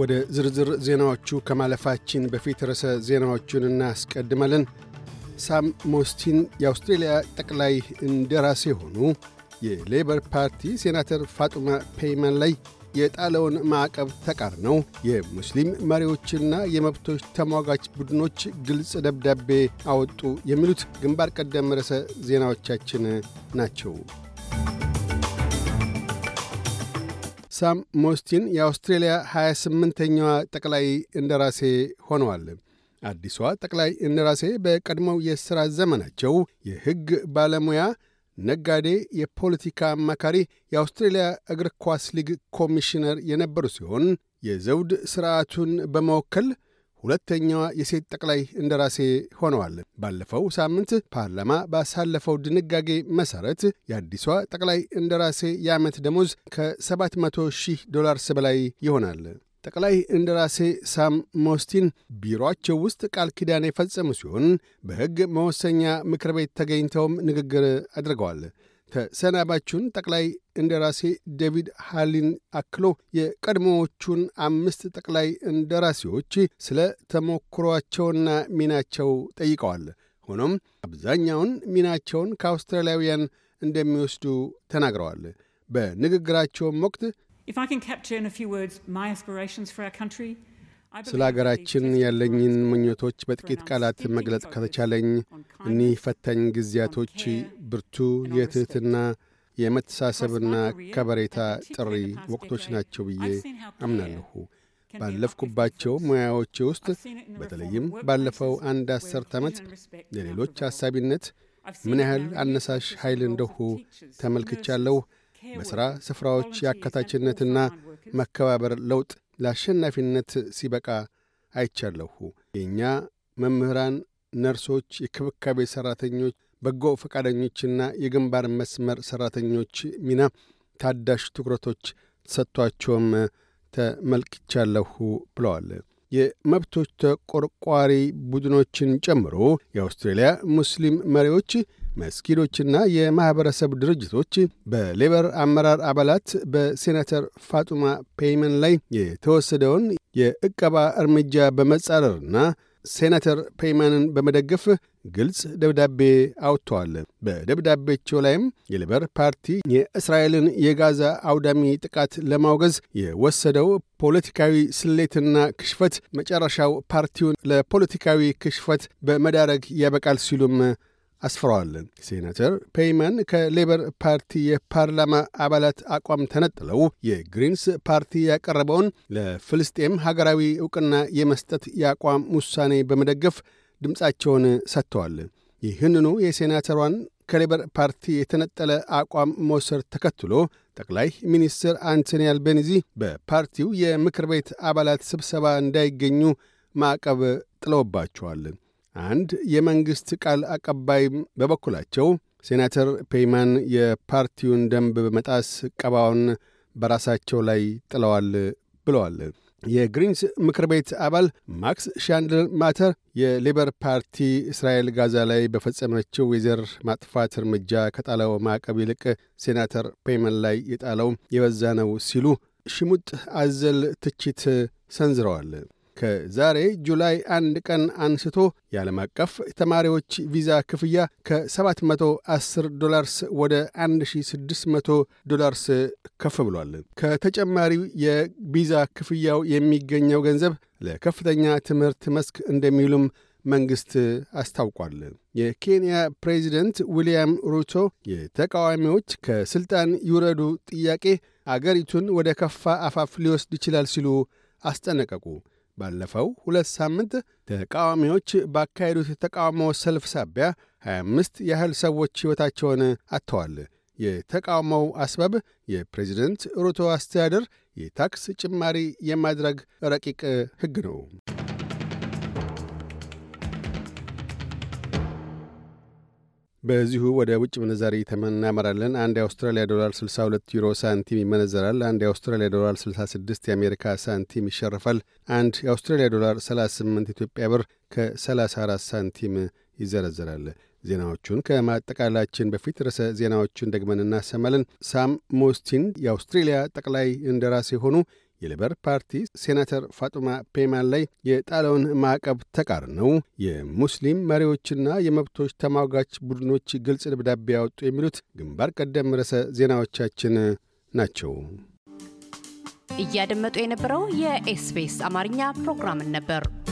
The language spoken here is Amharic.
ወደ ዝርዝር ዜናዎቹ ከማለፋችን በፊት ርዕሰ ዜናዎቹን እናስቀድማለን። ሳም ሞስቲን የአውስትሬልያ ጠቅላይ እንደራሴ የሆኑ የሌበር ፓርቲ ሴናተር ፋጡማ ፔይመን ላይ የጣለውን ማዕቀብ ተቃርነው የሙስሊም መሪዎችና የመብቶች ተሟጋች ቡድኖች ግልጽ ደብዳቤ አወጡ። የሚሉት ግንባር ቀደም ርዕሰ ዜናዎቻችን ናቸው። ሳም ሞስቲን የአውስትሬልያ 28ኛዋ ጠቅላይ እንደራሴ ሆነዋል። አዲሷ ጠቅላይ እንደራሴ በቀድሞው የሥራ ዘመናቸው የሕግ ባለሙያ፣ ነጋዴ፣ የፖለቲካ አማካሪ፣ የአውስትሬልያ እግር ኳስ ሊግ ኮሚሽነር የነበሩ ሲሆን የዘውድ ሥርዓቱን በመወከል ሁለተኛዋ የሴት ጠቅላይ እንደራሴ ሆነዋል። ባለፈው ሳምንት ፓርላማ ባሳለፈው ድንጋጌ መሠረት የአዲሷ ጠቅላይ እንደራሴ የዓመት ደሞዝ ከ700 ሺህ ዶላርስ በላይ ይሆናል። ጠቅላይ እንደራሴ ሳም ሞስቲን ቢሮአቸው ውስጥ ቃል ኪዳን የፈጸሙ ሲሆን በሕግ መወሰኛ ምክር ቤት ተገኝተውም ንግግር አድርገዋል። ተሰናባቹን ጠቅላይ እንደራሴ ዴቪድ ሃሊን አክሎ የቀድሞዎቹን አምስት ጠቅላይ እንደራሴዎች ስለ ተሞክሯቸውና ሚናቸው ጠይቀዋል። ሆኖም አብዛኛውን ሚናቸውን ከአውስትራሊያውያን እንደሚወስዱ ተናግረዋል። በንግግራቸውም ወቅት ስለ አገራችን ያለኝን ምኞቶች በጥቂት ቃላት መግለጽ ከተቻለኝ እኒህ ፈታኝ ጊዜያቶች ብርቱ የትሕትና የመተሳሰብና ከበሬታ ጥሪ ወቅቶች ናቸው ብዬ አምናለሁ። ባለፍኩባቸው ሙያዎቼ ውስጥ በተለይም ባለፈው አንድ አሠርት ዓመት ለሌሎች አሳቢነት ምን ያህል አነሳሽ ኃይል እንደሁ ተመልክቻለሁ። በሥራ ስፍራዎች የአካታችነትና መከባበር ለውጥ ለአሸናፊነት ሲበቃ አይቻለሁ። የእኛ መምህራን፣ ነርሶች፣ የክብካቤ ሠራተኞች በጎ ፈቃደኞችና የግንባር መስመር ሠራተኞች ሚና ታዳሽ ትኩረቶች ተሰጥቷቸውም ተመልክቻለሁ ብለዋል። የመብቶች ተቆርቋሪ ቡድኖችን ጨምሮ የአውስትሬልያ ሙስሊም መሪዎች፣ መስጊዶችና የማኅበረሰብ ድርጅቶች በሌበር አመራር አባላት በሴናተር ፋጡማ ፔይመን ላይ የተወሰደውን የዕቀባ እርምጃ በመጻረርና ሴናተር ፔይማንን በመደገፍ ግልጽ ደብዳቤ አውጥተዋል። በደብዳቤቸው ላይም የሊበር ፓርቲ የእስራኤልን የጋዛ አውዳሚ ጥቃት ለማውገዝ የወሰደው ፖለቲካዊ ስሌትና ክሽፈት መጨረሻው ፓርቲውን ለፖለቲካዊ ክሽፈት በመዳረግ ያበቃል ሲሉም አስፍረዋል። ሴናተር ፔይማን ከሌበር ፓርቲ የፓርላማ አባላት አቋም ተነጥለው የግሪንስ ፓርቲ ያቀረበውን ለፍልስጤም ሀገራዊ ዕውቅና የመስጠት የአቋም ውሳኔ በመደገፍ ድምፃቸውን ሰጥተዋል። ይህንኑ የሴናተሯን ከሌበር ፓርቲ የተነጠለ አቋም መውሰድ ተከትሎ ጠቅላይ ሚኒስትር አንቶኒ አልቤኒዚ በፓርቲው የምክር ቤት አባላት ስብሰባ እንዳይገኙ ማዕቀብ ጥለውባቸዋል። አንድ የመንግሥት ቃል አቀባይ በበኩላቸው ሴናተር ፔይማን የፓርቲውን ደንብ በመጣስ ቀባውን በራሳቸው ላይ ጥለዋል ብለዋል። የግሪንስ ምክር ቤት አባል ማክስ ሻንድለር ማተር የሌበር ፓርቲ እስራኤል ጋዛ ላይ በፈጸመችው የዘር ማጥፋት እርምጃ ከጣለው ማዕቀብ ይልቅ ሴናተር ፔይመን ላይ የጣለው የበዛ ነው ሲሉ ሽሙጥ አዘል ትችት ሰንዝረዋል። ከዛሬ ጁላይ አንድ ቀን አንስቶ የዓለም አቀፍ ተማሪዎች ቪዛ ክፍያ ከ710 ዶላርስ ወደ 1600 ዶላርስ ከፍ ብሏል። ከተጨማሪው የቪዛ ክፍያው የሚገኘው ገንዘብ ለከፍተኛ ትምህርት መስክ እንደሚውሉም መንግሥት አስታውቋል። የኬንያ ፕሬዚደንት ዊልያም ሩቶ የተቃዋሚዎች ከሥልጣን ይውረዱ ጥያቄ አገሪቱን ወደ ከፋ አፋፍ ሊወስድ ይችላል ሲሉ አስጠነቀቁ። ባለፈው ሁለት ሳምንት ተቃዋሚዎች ባካሄዱት የተቃውሞ ሰልፍ ሳቢያ 25 ያህል ሰዎች ሕይወታቸውን አጥተዋል። የተቃውሞው አስባብ የፕሬዚደንት ሩቶ አስተዳደር የታክስ ጭማሪ የማድረግ ረቂቅ ሕግ ነው። በዚሁ ወደ ውጭ ምንዛሪ ተመን እናመራለን። አንድ የአውስትራሊያ ዶላር 62 ዩሮ ሳንቲም ይመነዘራል። አንድ የአውስትራሊያ ዶላር 66 የአሜሪካ ሳንቲም ይሸርፋል። አንድ የአውስትራሊያ ዶላር 38 ኢትዮጵያ ብር ከ34 ሳንቲም ይዘረዘራል። ዜናዎቹን ከማጠቃላችን በፊት ርዕሰ ዜናዎቹን ደግመን እናሰማለን። ሳም ሞስቲን የአውስትሬልያ ጠቅላይ እንደራሴ ሆኑ። የሊበር ፓርቲ ሴናተር ፋጡማ ፔማን ላይ የጣለውን ማዕቀብ ተቃርነው የሙስሊም መሪዎችና የመብቶች ተሟጋች ቡድኖች ግልጽ ደብዳቤ ያወጡ የሚሉት ግንባር ቀደም ርዕሰ ዜናዎቻችን ናቸው። እያደመጡ የነበረው የኤስፔስ አማርኛ ፕሮግራምን ነበር።